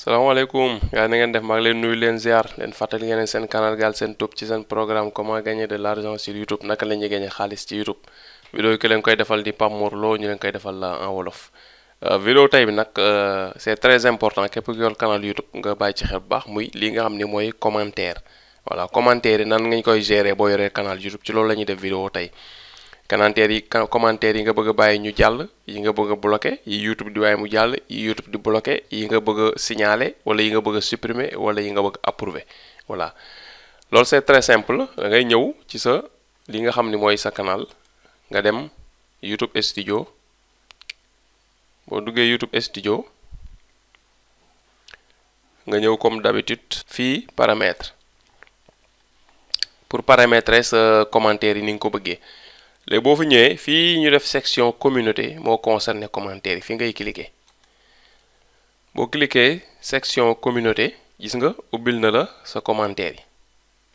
salaamaaleykum yaa na ngeen def maa ngi leen nuyu leen ziar leen fàttali ngeen seen canal Galsen Tube ci seen programme comment gagner de l'argent sur YouTube naka la ñuy xaalis ci YouTube vidéo yi ki leen koy defal di Pape Mor Lo ñu leen koy defal la en wolof euh, vidéo tey bi nag euh, c'est très important képp ku yor canal YouTube nga bàyyi ci xel bu baax muy lii nga xam ni mooy commentaire voilà commentaire yi nan nga koy gérer boo yoree canal YouTube ci loolu la ñuy def vidéo tey commentaire yi commentaire yi nga bëgg bàyyi ñu jàll yi nga bëgg a bloqué yi YouTube di waaye mu jàll yi YouTube di bloqué yi nga bëgg a wala yi nga bëgg a wala yi nga bëgg a approuvé voilà loolu c'est très simple da ngay ñëw ci sa li nga xam ni mooy sa canal nga dem YouTube studio boo duggee YouTube studio nga ñëw comme d'habitude fii paramètre pour paramétrer sa commentaire yi ni nga ko bëggee léegi boo fi ñëwee fii ñu def section communauté moo concerné commentaire yi fi ngay cliquer boo cliquer section communauté gis nga ubbil na la sa commentaire yi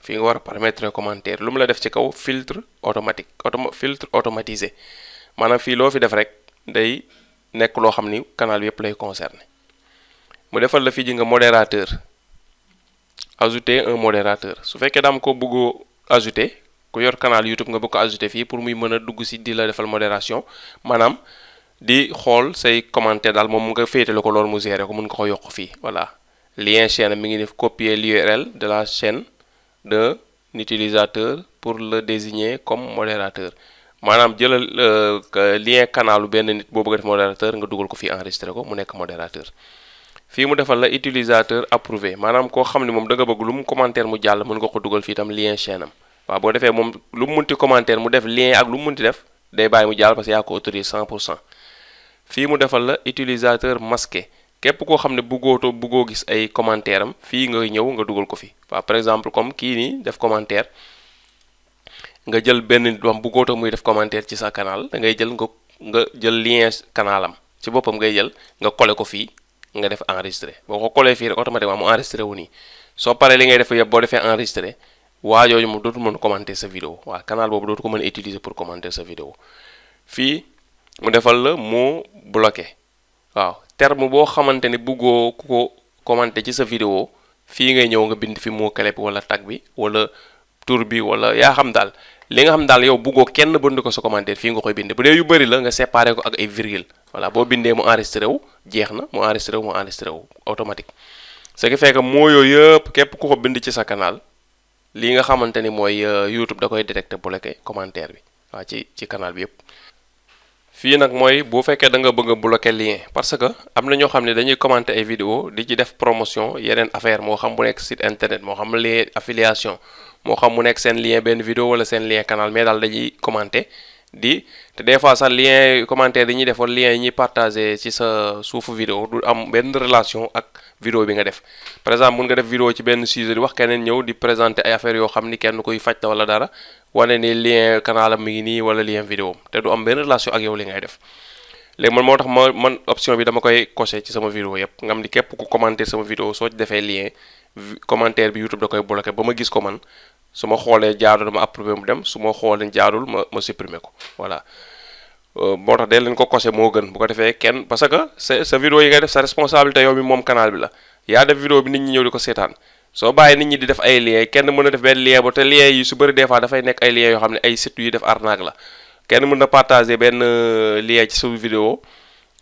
fi nga war a paramétrer commentaire lu mu la def ci kaw filtre automatique autom filtre automatisé maanaam fii loo fi def rek day nekk loo xam ni canal bi yëpp lay concerné mu defal la fi ji nga modérateur ajouter un modérateur su fekkee daam ko bëggoo ajouter ku yor canal YouTube nga bëgg ko ajouté fii pour muy mën a dugg si di la defal modération maanaam di xool say commentaire daal moom nga féetale ko loolu mu gérer ko mun nga ko yokk fii voilà lien chaîne mi ngi def copier l'URL de la chaine de l'utilisateur pour le désigner comme modérateur maanaam jëlal euh, lien canalu benn nit boo bëgg a def modérateur nga dugal ko fii enregistré ko mu nekk modérateur fii mu defal la utilisateur approuvé maanaam koo xam ne moom da nga bëgg lu mu commentaire mu jàll mën nga ko dugal fii itam lien chaîne waaw boo defee moom lu mu munti commentaire mu def lien ak lu mu munti def day bàyyi mu jàll parce que yaa ko pour cent fii mu defal la utilisateur masqué képp koo xam ne bëggootoo bëggoo gis ay commentaire am fii nga ñëw nga dugal ko fi waaw par exemple comme kii nii def commentaire nga jël benn nit wax bëggootoo muy def commentaire ci sa kanaal da ngay jël nga nga jël lien kanaalam ci boppam ngay jël nga collé ko fii nga def enregistré boo ko collé fii rek automatiquement mu enregistré wu nii soo paree li ngay def yëpp boo defee enregistré waa yooyu moom dootu mën commenter sa vidéo waa canal boobu dootu ko mën utiliser pour commenter sa vidéo fii mu defal la mot bloqué waaw terme boo xamante ne bëggoo ku ko commenter ci sa vidéo fii ngay ñëw nga bind fi mot clé wala tag bi wala tur bi wala yaa xam daal li nga xam daal yow bëggoo kenn bënd ko sa commentaire fii nga koy bind bu dee yu bëri la nga séparé ko ak ay virgule voilà boo bindee mu enregistré wu jeex na mu enregistré mu enregistré wu automatique ce qui fait moo yooyu yëpp képp ku ko bind ci sa canal. lii nga xamante ni mooy euh, YouTube da koy détecté bloqué commentaire bi waa ci ci canal bi yëpp. fii nag mooy bu fekkee da nga bëgg a lien parce que am na ñoo xam ne dañuy commenté ay vidéo di ci def promotion yeneen affaire moo xam bu nekk site internet moo xam lien affiliation moo xam mu nekk seen lien benn vidéo wala seen lien kanaal mais daal dañuy commenté. di te des fois sax lien yu commentaire yi ñuy defoon lien yi ñuy partagé ci sa suuf vidéo du am benn relation ak vidéo bi nga def par exemple mun nga def vidéo ci benn sujet di wax keneen ñëw di présenter ay affaire yoo xam ni kenn koy faj la wala dara wane ni lien kanalam mi ngi nii wala lien vidéo te du am benn relation ak yow li ngay def léegi man moo tax ma man option bi dama koy coché ci sama vidéo yëpp nga xam ni képp ku commenter sama vidéo soo ci lien commentaire bi YouTube da koy bloqué ba ma gis ko man su ma xoolee jaarul ma approuvé mu dem su ma xoolee jaarul ma ma supprimer ko voilà euh, moo tax dee leen ko kose moo gën bu ko defee kenn parce que sa sa vidéo yi ngay def sa responsabilité yow mi moom canal bi la yaa def vidéo bi nit ñi ñëw di ko seetaan soo bàyyi nit ñi di def ay liens kenn mën na def benn lien ba te liens yi su bëri des fois dafay nekk ay liens yoo xam ne ay sites yuy def arnaque la kenn mën na partager benn euh, lien ci su vidéo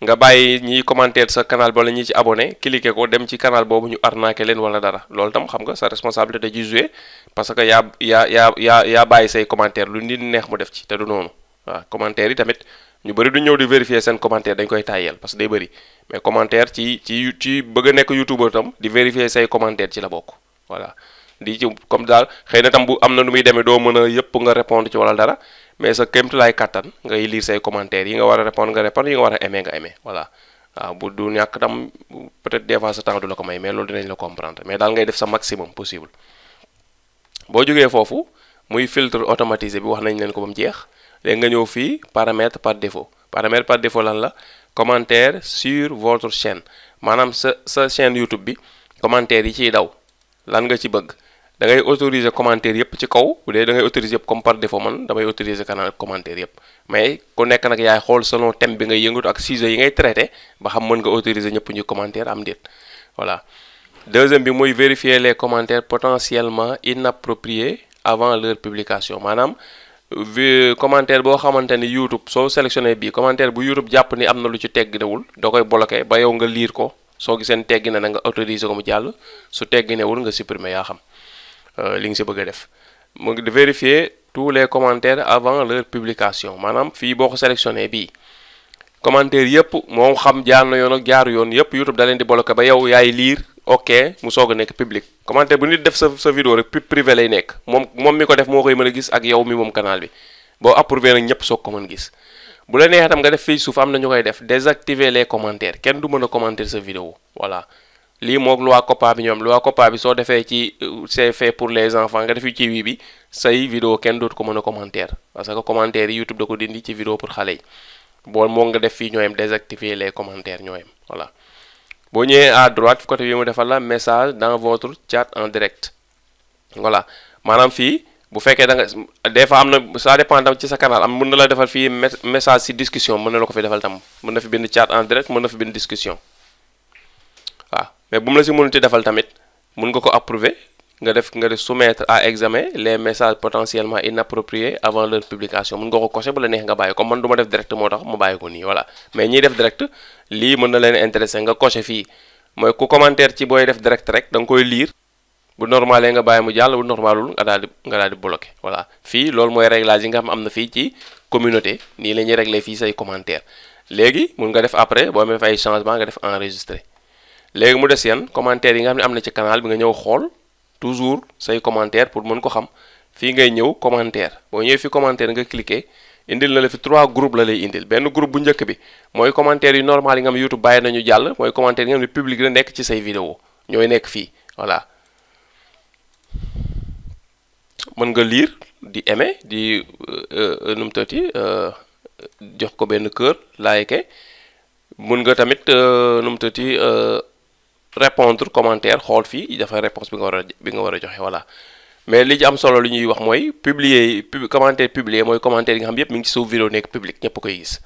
nga bàyyi ñiy commentaire sa canal ba la ñi ci abonné cliqué ko dem ci canal boobu ñu arnaqué leen wala dara loolu tam xam nga sa responsabilité da ci joué parce que yaa yaa yaa yaa yaa bàyyi say commentaire lu nit neex mu def ci te du noonu waaw commentaire yi tamit ñu bëri du ñëw di vérifier seen commentaire dañ koy tàyyeel parce que day bëri mais commentaire ci ci ci bëgg a nekk youtubeur tam di vérifier say commentaire ci la bokk voilà di ci comme daal xëy na tam bu am na nu muy demee doo mën a yëpp nga répondre ci wala dara mais sa kéemtulaay kattan ngay lire say commentaires yi nga war a répondre nga répondre yi nga war a aimer nga aimer voilà waaw bu du ñàkk tam peut-être des fois sa temps du la ko may mais loolu dinañ la comprendre mais daal ngay def sa maximum possible boo jógee foofu muy filtre automatisé bi wax nañ leen ko ba mu jeex léegi nga ñëw fii paramètre par défaut paramètre par défaut lan la commentaire sur votre chaîne maanaam sa sa chaîne YouTube bi commentaire yi ciy daw lan nga ci bëgg da ngay autoriser commentaire yëpp ci kaw bu dee da ngay autoriser yëpp comme par défaut man damay autoriser canal commentaire yëpp mais ku nekk nag yaay xool selon thème bi ngay yëngatu ak sujet yi ngay traité ba xam mën nga autoriser ñëpp ñu commentaire am déet voilà deuxième bi mooy vérifier les commentaires potentiellement inappropriés avant leur publication maanaam commentaire boo xamante ni YouTube soo sélectionné bii commentaire bu YouTube jàpp ni am na lu ci tegginewul da koy bloqué ba yow nga lire ko soo giseen teggi na na nga autoriser ko mu jàll su teggi wul nga supprimer yaa xam euh, li nga si bëgg a def mu ngi vérifier tous les commentaires avant leur publication maanaam fii boo ko sélectionné bii commentaire yëpp moom xam jaar na yoon ak jaaru yoon yëpp YouTube da leen di bloqué ba yow yaay liir ok mu soog a nekk public commentaire bu nit def sa sa vidéo rek privé lay nekk moom moom mi ko def moo koy mën a gis ak yow mi moom canal bi boo approuvé nag ñëpp soog ko mën gis bu la neexee tam nga def fii suuf am na ñu koy def désactiver les commentaires kenn du mën a commenter sa vidéo voilà lii moog loi COPPA bi ñoom loi COPPA bi soo defee ci euh, c'est fait pour les enfants nga defi ci wii bi say vidéo kenn dootu ko mën a commentaire parce que commentaire yi YouTube da ko dindi ci vidéo pour xale yi boo moo nga def fii ñooyam désactiver les commentaires ñooyam voilà boo ñëwee à droite côté bi mu defal la message dans votre chat en direct voilà maanaam bu fekkee da nga des fois am na ça dépend ci sa canal am mën na la defal fii message si discussion mën na la ko fi defal tam en direct mën na fi bind discussion waaw mais bu mu la si mënuti defal tamit mën nga ko approuver nga def nga def soumettre à examen les messages potentiellement inappropriés avant leur publication mun nga ko coché bu la neex nga bàyyi comme man du ma def direct moo tax mu bàyyi ko nii voilà mais ñiy def direct lii mën na leen intéressé nga coché fii mooy ku commentaire ci booy def direct rek da nga koy lire bu normalee nga bàyyi mu jàll bu normalul nga daal di nga daal di bloqué voilà fii loolu mooy réglage yi nga am na fii ci communauté nii la ñuy réglé fii say commentaire léegi mun nga def après boo amee fa ay nga def enregistré léegi mu des yan commentaire yi nga xam ne am na ci canal bi nga ñëw xool toujours say commentaire pour mën ko xam fii ngay ñëw commentaire boo ñëwee fi commentaire nga cliqué indil na la fi trois groupes la lay indil benn groupe bu njëkk bi mooy commentaire yu normal yi nga xam YouTube bàyyi nañu jàll mooy commentaire yi nga xam ne nekk ci say ñooy nekk fii voilà mën nga liir di eme di euh, euh, nu mu tëddee euh, jox ko benn laay like mën nga tamit nu mu tëddee répondre commentaire xool fii dafay réponse bi nga war a joxe voilà mais li ci am solo li ñuy wax mooy publier commentaire publier mooy commentaire yi nga xam yépp mi ngi ci suuf nekk public ñépp koy gis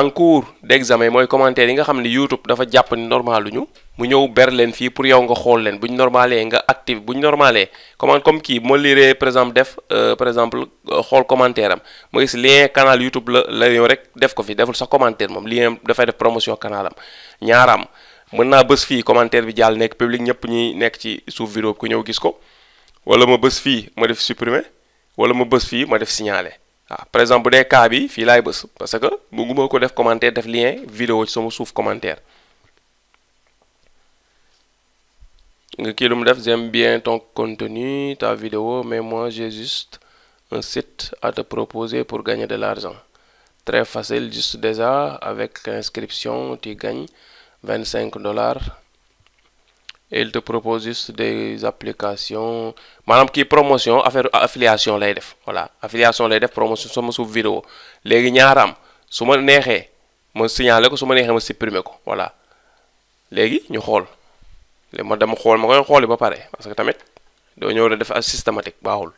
en cours d'examen mooy commentaire yi nga xam ne YouTube dafa jàpp ni normal luñu mu ñëw ber leen fii pour yow nga xool leen bu ñu normalee nga active bu ñu normalee comment comme kii ma lire par exemple def euh, par exemple euh, xool commentaire am ma gis lien canal la la yow rek def ko fi deful sa commentaire moom lien dafay def promotion kanaalam am ñaaraam mën naa bës fii commentaire bi jàll nekk public ñëpp ñuy nekk ci suuf vidéo ku ñëw gis ko wala ma bës fii ma def supprimer wala ma bës fii ma def signaler waaw ah, par exemple bu dee cas bi fii laay bës parce que bëgguma ko def commentaire def lien vidéo ci sama suuf commentaire nga kii lu mu def j'aime bien ton contenu ta vidéo mais moi j'ai juste un site à te proposer pour gagner de l'argent très facile juste déjà avec inscription tu gagnes vingt cinq dollars et il te propose juste des applications maanaam kii promotion affaire affiliation lay def voilà affiliation lay def promotion sama suuf vidéo léegi ñaaraam su ma neexee ma signaler ko su ma neexee ma supprimer ko voilà léegi ñu xool ma dama xool ma koy xooli ba pare parce que tamit doo ñëw ne def systématique baaxul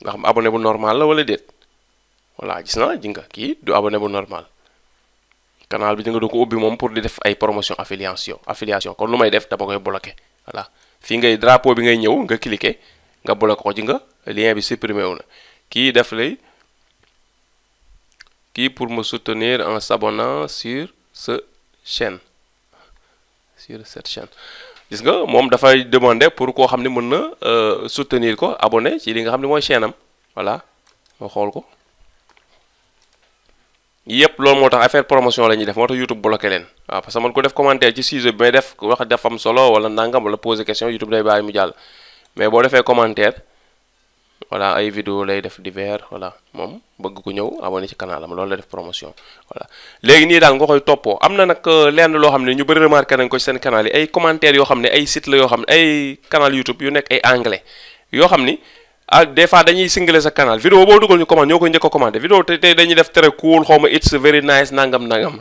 nga xam abone bu normal la wala déet voilà gis na ji nga kii du abonné bu normal canal bi da nga doon ko ubbi moom pour di def ay promotion affiliation affiliation kon lu may def dama koy bloqué voilà fii ngay drapeau bi ngay ñëw nga cliqué nga bloqué ko ci nga lien bi supprimé wu na kii def lay kii pour ma soutenir en s'abonnant sur ce chaîne sur cette gis nga moom dafay demande pour koo xam ne mën na euh, soutenir ko abone ci li nga xam ne mooy chaîne am voilà xool ko yépp loolu moo tax affaire promotion la ñuy def moo tax YouTube bloqué leen waaw parce que man ko def commentaire ci sujet bi may def wax def solo wala nangam wala poser question YouTube day bàyyi mu jàll mais boo defee commentaire voilà ay vidéo lay def divers voilà moom bëgg ko ñëw abonné ci canal am loolu la def promotion voilà léegi nii daal nga koy toppoo am na nag euh, lenn loo xam ne ñu bëri remarqué nañ ko ci seen canal yi ay commentaires xam ne ay site la yoo xam ne ay canal YouTube yu nekk ay anglais yoo xam ni ah des fois dañuy single sa canal vidéo boo dugal ñu commande ñoo koy njëkk a commandé vidéo te tey dañuy def très cool xaw ma it's very nice nangam nangam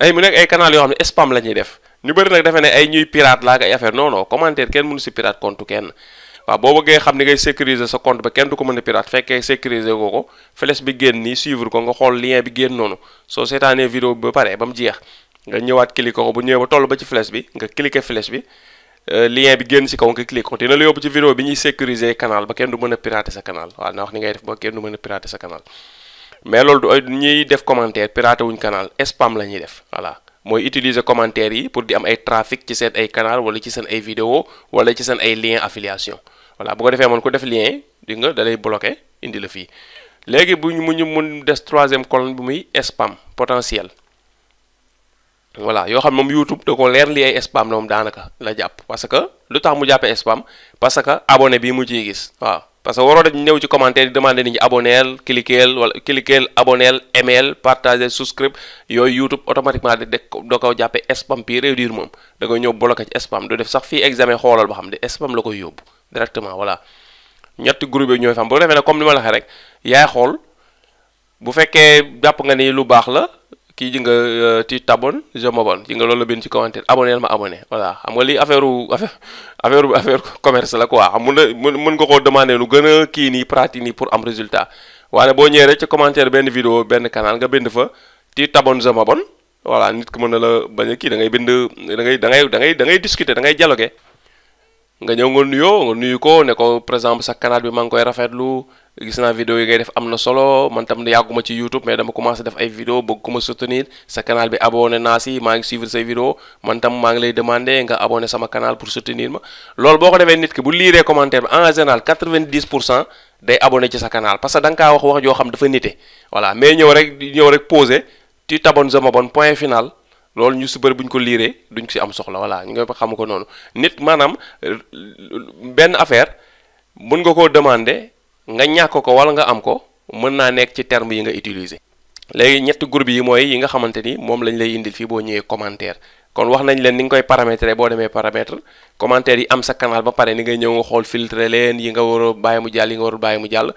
ay mu nekk ay canal yoo xam ne spam la ñuy def ñu bëri nag defe ne ay ñuy pirate laa ay affaire non non commentaire kenn mënu si pirate compte kenn waaw boo bëggee xam ni ngay sécuriser sa compte ba kenn du ko mën pirate fekkee sécuriser ko ko bi génn nii suivre ko nga xool lien bi génn noonu soo seetaanee vidéo ba pare ba mu jeex nga ñëwaat cliquer bu ñëwee ba ba ci flèche bi nga cliquer flèche Euh, lien bi génn ci kaw nga cliquer ko dina la ci vidéo bi ñuy sécuriser canal ba kenn du mën a pirater sa canal waaw na wax ni ngay def ba kenn du mën a sa canal mais loolu du ay ñuy def commentaire pirater wuñ canal spam la ñuy def voilà mooy utiliser commentaire yi pour di am ay trafic ci seen ay canal wala ci seen ay vidéo wala ci seen ay lien affiliation voilà bu ko defee moom ku def lien di nga da lay bloquer indi la fii léegi bu ñu mu ñu mun des troisième colonne bi muy spam potentiel voilà yoo xam moom YouTube da ko leer li ay spam la moom daanaka la jàpp parce que lu tax mu jàppee spam parce que abonné bi mu ciy gis waaw parce que waroo dañ ñëw ci commentaire di demandé nit ñi aboneel cliqueel wala cliqueel aboneel email partager subscribe yooyu YouTube automatiquement da da ko jàppe spam puis réduire moom da koy ñëw bloqué ci spam du def sax fii examen xoolal ba xam ne spam la koy yóbbu directement voilà ñetti groupe yi ñooy fam bu defee ne ma la waxee rek yaay xool bu jàpp nga ni lu baax la. kii ji nga euh, ti tabon je m'abonne ji nga loolu la benn ci commentaire aboneel ma abonné voilà xam nga lii affaire affaire affaire commerce la quoi xam mun na nga koo demander lu gën a kii nii pratique nii pour am résultat waaye boo ñëwee rek ci commentaire benn vidéo benn canal nga benn fa ti tabon je m'abonne voilà nit ki mën na la bañ a kii da ngay bind da ngay da da ngay da ngay discuter da ngay dialoguer nga ñëw nga nuyoo nga nuyu ko ne ko par exemple sa canal bi maa ngi koy rafetlu gis naa vidéo yi ngay def am na solo man tam yàgguma ci YouTube mais dama commencé def ay vidéo bëgg ko ma soutenir sa canal bi abonné naa si maa ngi suivre say vidéo man tam maa ngi lay demander nga abonné sama canal pour soutenir ma loolu boo ko defee nit ki bu liiree commentaire bi en général 90 pour cent day abonné ci sa canal parce que da nga kaa wax wax joo xam dafa nite voilà mais ñëw rek ñëw rek posé tu t'abonnes je m'abonne point final loolu ñu super bu ñu ko liiree duñ si am soxla voilà ñu nga xam ko noonu nit maanaam euh, benn affaire mën nga koo demander. nga ñàkk ko wala nga am ko mën naa nekk ci terme yi nga utiliser. léegi ñetti groupe yi mooy yi nga xamante ni moom lañ lay indil fii boo ñëwee commentaire kon wax nañu leen ni nga koy paramétrer boo demee paramètre commentaire yi am sa canal ba pare ni ngay ñëw nga xool filtrer leen yi nga war a bàyyi mu jàll yi nga war a bàyyi mu jàll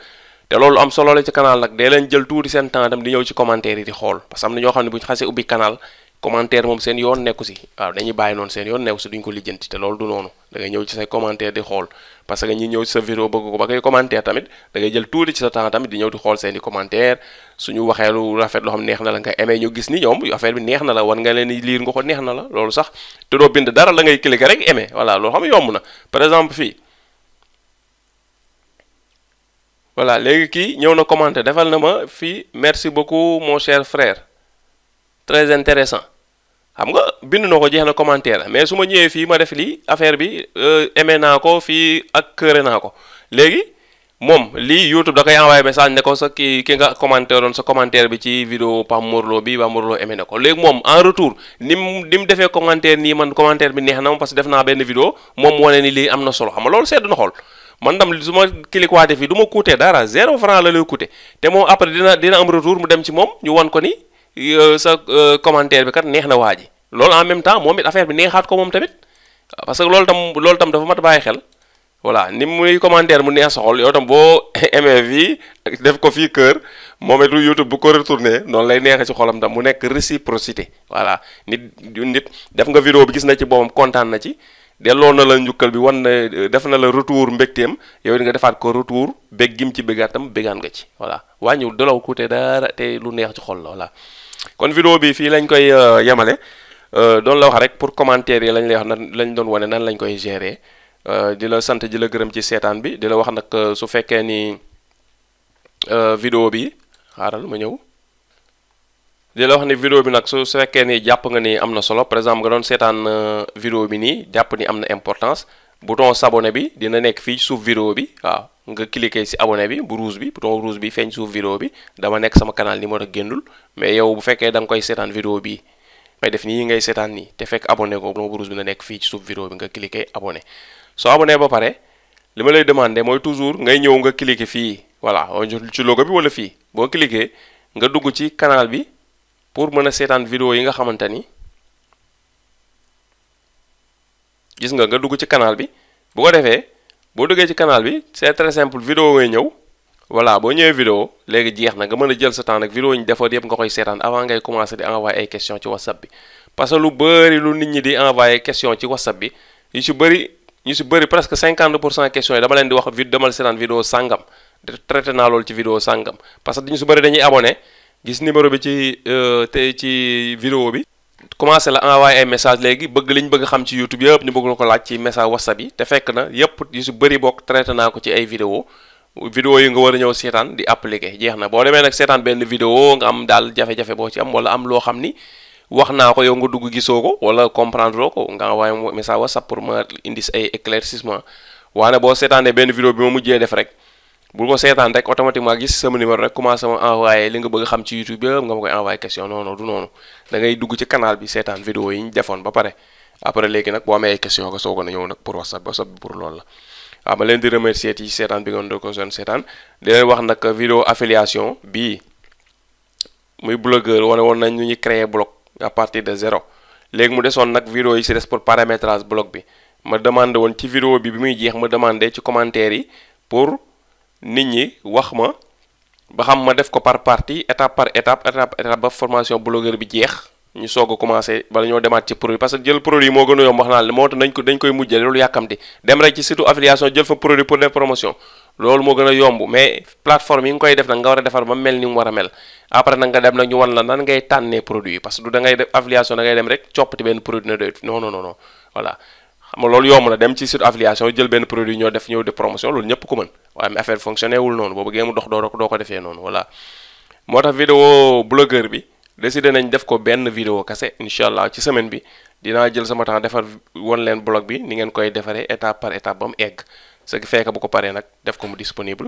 te loolu am solo la ci canal nag dee leen jël tuuti seen temps di ñëw ci commentaire yi di xool parce que am na ñoo xam ne bu ñu xasee ubbi canal commentaire moom seen yoon nekku si waaw dañuy bàyyi noonu seen yoon nekku si duñ ko lijjanti te loolu du noonu da ngay ñëw ci say commentaire di xool parce que ñi ñëw ci sa vidéo bëgg ko ba ngay commentaire tamit da ngay jël tuuti ci sa temps tamit di ñëw di xool seen i commentaire suñu waxee lu rafet loo xam neex na la nga aimé ñu gis ni ñoom affaire bi neex na la war nga leen liir nga ko neex na la loolu sax te doo bind dara la ngay cliquer rek aimé voilà loolu xam yomb na par exemple fii voilà léegi kii ñëw na commenter defal na ma fii merci beaucoup mon cher frère très intéressant xam nga bind na ko jeex na commentaire mais su ma ñëwee fii ma def lii affaire bi euh, aimé naa ko fii ak këré naa ko léegi moom lii YouTube da koy envoyé ko sa ki ki nga commentaire doon sa commentaire bi ci vidéo Pape Mor bi Pape Mor Lo ko léegi moom en retour ni mu mu defee commentaire nii man commentaire bi neex na parce que def naa benn vidéo moom wane ni lii am na solo xam nga loolu sedd na xool man dam su ma cliquer fii du ma coûter dara zéro franc la lay coûter te moom après dina dina am retour mu dem ci moom ñu wan ko ni. sa euh, commentaire bi kat neex na waa ji loolu en même temps moom it affaire bi neexaat ko moom tamit parce que loolu tam loolu tam dafa mat bàyyi xel voilà ni muy commentaire mu neex soxol yow tam boo aimé def ko fii kër moom it bu ko retourné noonu lay neexee ci xolam tam mu nekk réciprocité voilà nit nit def nga vidéo bi gis na ci boppam kontaan na ci delloo na la njukkal bi wan na def na la retour mbégteem yow it nga defaat ko retour bég gim ci bégaat tam bégaan nga ci voilà wàññiwul dalaw kuute dara te lu neex ci xol la voilà kon vidéo bi fii lañ koy euh, yemale euh, doon la wax rek pour commentaire yi lañ lay wax nan lañ doon wane nan lañ koy gérer euh, di la sant ji la gërëm ci seetaan bi di la wax nag su fekkee ni vidéo bi xaaral ma ñëw di la wax ni vidéo bi nag su fekkee ni jàpp nga ni am na solo par exemple nga doon seetaan vidéo bi nii jàpp ni am na importance bouton sabone bi dina nekk fii suuf vidéo bi waaw nga cliquer si abonné bi bu rouge bi bouton rouge bi feeñ suuf vidéo bi dama nekk sama canal ni moo tax génnul mais yow bu fekkee danga koy seetaan vidéo bii may def nii ngay seetaan nii te fekk abonné ko bouton bu rouge bi na nekk fii ci suuf vidéo bi nga cliquer abonné soo abonné ba pare li ma lay demandé mooy toujours ngay ñëw nga cliquer fii voilà ci logo bi wala fii boo cliquer nga dugg ci canal bi pour mën a seetaan vidéo yi nga xamante ni gis nga nga dugg ci canal bi boo duggee ci canal bi c'est très simple vidéo ngay ñëw voilà boo ñëwee vidéo léegi jeex na nga mën a jël sa temps nag vidéo ñu defoon yëpp nga koy seetaan avant ngay commencer di envoyer ay questions ci whatsapp bi parce lu bëri lu nit ñi di envoyer question ci whatsapp bi yu si bëri ñu si bëri presque cinquante pour cent questions yi dama leen di wax vid demal seetaan vidéo sangam traité naa loolu ci vidéo sangam parce que ñu ci bëri dañuy abonné gis numéro bi ci euh, te ci vidéo bi. commencé la envoyé ay message léegi bëgg liñ bëgg xam ci YouTube yëpp ñu bëgg la ko laaj ci message WhatsApp yi te fekk na yëpp yu si bëri bokk traité naa ko ci ay vidéo vidéo yi nga war a ñëw seetaan di appliqué jeex na boo demee nag seetaan benn vidéo nga am daal jafe-jafe boo ci am wala am loo xam ni wax naa ko yow nga dugg gisoo ko wala comprendre ko nga envoyé message WhatsApp pour ma indi ay éclaircissement waane boo seetaanee benn vidéo bi ma mujjee def rek bu ko seetaan rek automatiquement gis sama numéro rek commencé ma envoyé li nga bëgg xam ci YouTube yëpp nga ma koy envoyé dugg ci canal bi seetaan vidéo ñu defoon ba pare après léegi nag boo amee ay question nga soog a ñëw nag pour WhatsApp WhatsApp ah, ma leen di remercier ci seetaan bi ngeen doon ko doon wax nag vidéo affiliation bii muy blogueur wane woon nañ ñu ñuy créer blog à de zéro léegi mu desoon nag vidéo yi si des pour paramétrage bi ma demandé woon ci vidéo bi bi muy jeex ma demande ci commentaire yi pour. nit ñi wax ma ba xam ma def ko par partie étape par étape ba formation blogueur bi jeex ñu soog a commencé bala ñoo demaat ci produit parce que jël produit moo a yomb wax naa la moo tax nañ ko dañ koy mujjale loolu pour def promotion loolu moo gën a yomb mais plateforme yi nga koy def nag nga war a defar ba mel ni mu war a mel après nag nga dem nag ñu wan la nan ngay tànnee produit yi parce que du da ngay def affiliation da ngay dem rek coppati benn produit na doyut non non non voilà xam nga loolu yomb na de waaye affaire fonctionné wul noonu boo bëggee mu dox doo doo ko defee noonu voilà moo tax vidéo blogueur bi décidé nañ def ko benn vidéo kase incha allah ci semaine bi dina jël sama temps defar won leen blog bi ni ngeen koy defaree étape par étape ba mu egg ce qui bu ko paree nag def ko mu disponible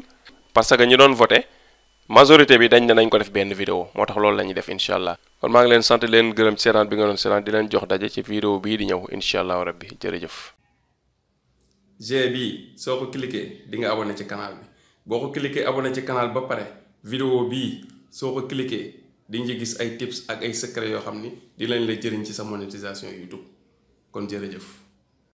parce que ñi doon voté majorité bi dañ ne nañ ko def benn vidéo moo tax loolu la ñuy def incha allah kon maa ngi leen sant leen gërëm ci bi nga doon seetaan di leen jox daje ci vidéo bii di ñëw incha allah rabbi jërëjëf G bi soo ko cliquer di nga na ci canal bi boo ko cliquer na ci canal ba pare vidéo bi soo ko cliquer di nga gis ay tips ak ay secret yoo xam ni di lañ la jëriñ ci sa monétisation YouTube kon jërëjëf.